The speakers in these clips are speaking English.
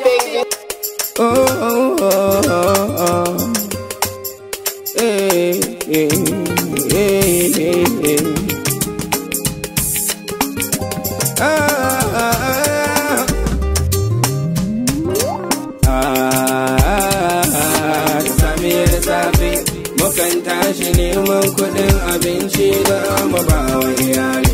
baby, baby. Oh, oh, oh, oh. Hey, hey, hey, hey, hey. Ah, ah, ah. Ah, Samir Sabi, mukan tashi neman kuɗin abinci da mu ba wa iyali.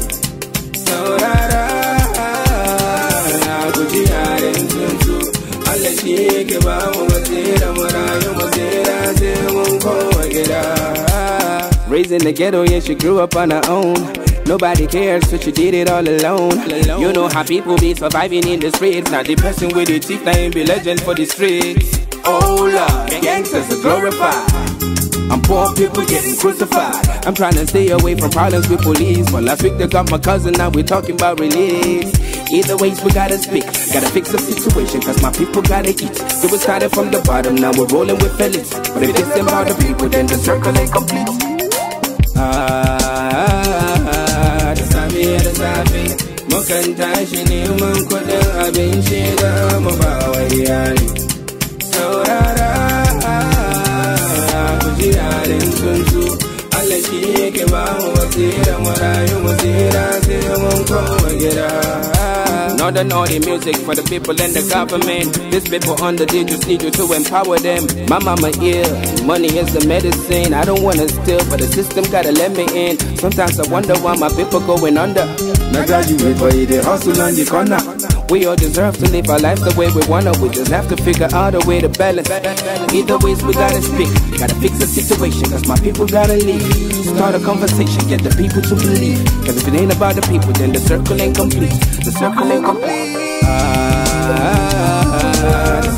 Raised in the ghetto, yeah, she grew up on her own. Nobody cares, so she did it all alone. You know how people be surviving in the streets. Now the person with the teeth, I ain't be legend for the streets. Oh Lord, gangsters are glorified. I'm poor people getting crucified. I'm trying to stay away from problems with police. Well, last week they got my cousin, now we're talking about release. Either ways, we gotta speak. Gotta fix the situation, cause my people gotta eat. So we started from the bottom, now we're rolling with fellas. But if this about the people, then the circle ain't complete. da sami da safe mukan tashi neman kudin abinci da mu ba wa iyali saurara ku ji yarin tuntu Allah shi yake ba mu wasira mu rayu mu tsira sai mun koma gida Modern all the music for the people and the government. These people on the digits need you to empower them. My mama ill, money is the medicine. I don't wanna steal, but the system gotta let me in. Sometimes I wonder why my people going under. Now graduate, you, they hustle on the corner. We all deserve to live our lives the way we wanna. We just have to figure out a way to balance. Either ways, we gotta speak. Gotta fix the situation, cause my people gotta leave. Start a conversation, get the people to believe. Cause if it ain't about the people, then the circle ain't complete. The circle ain't complete. Ah,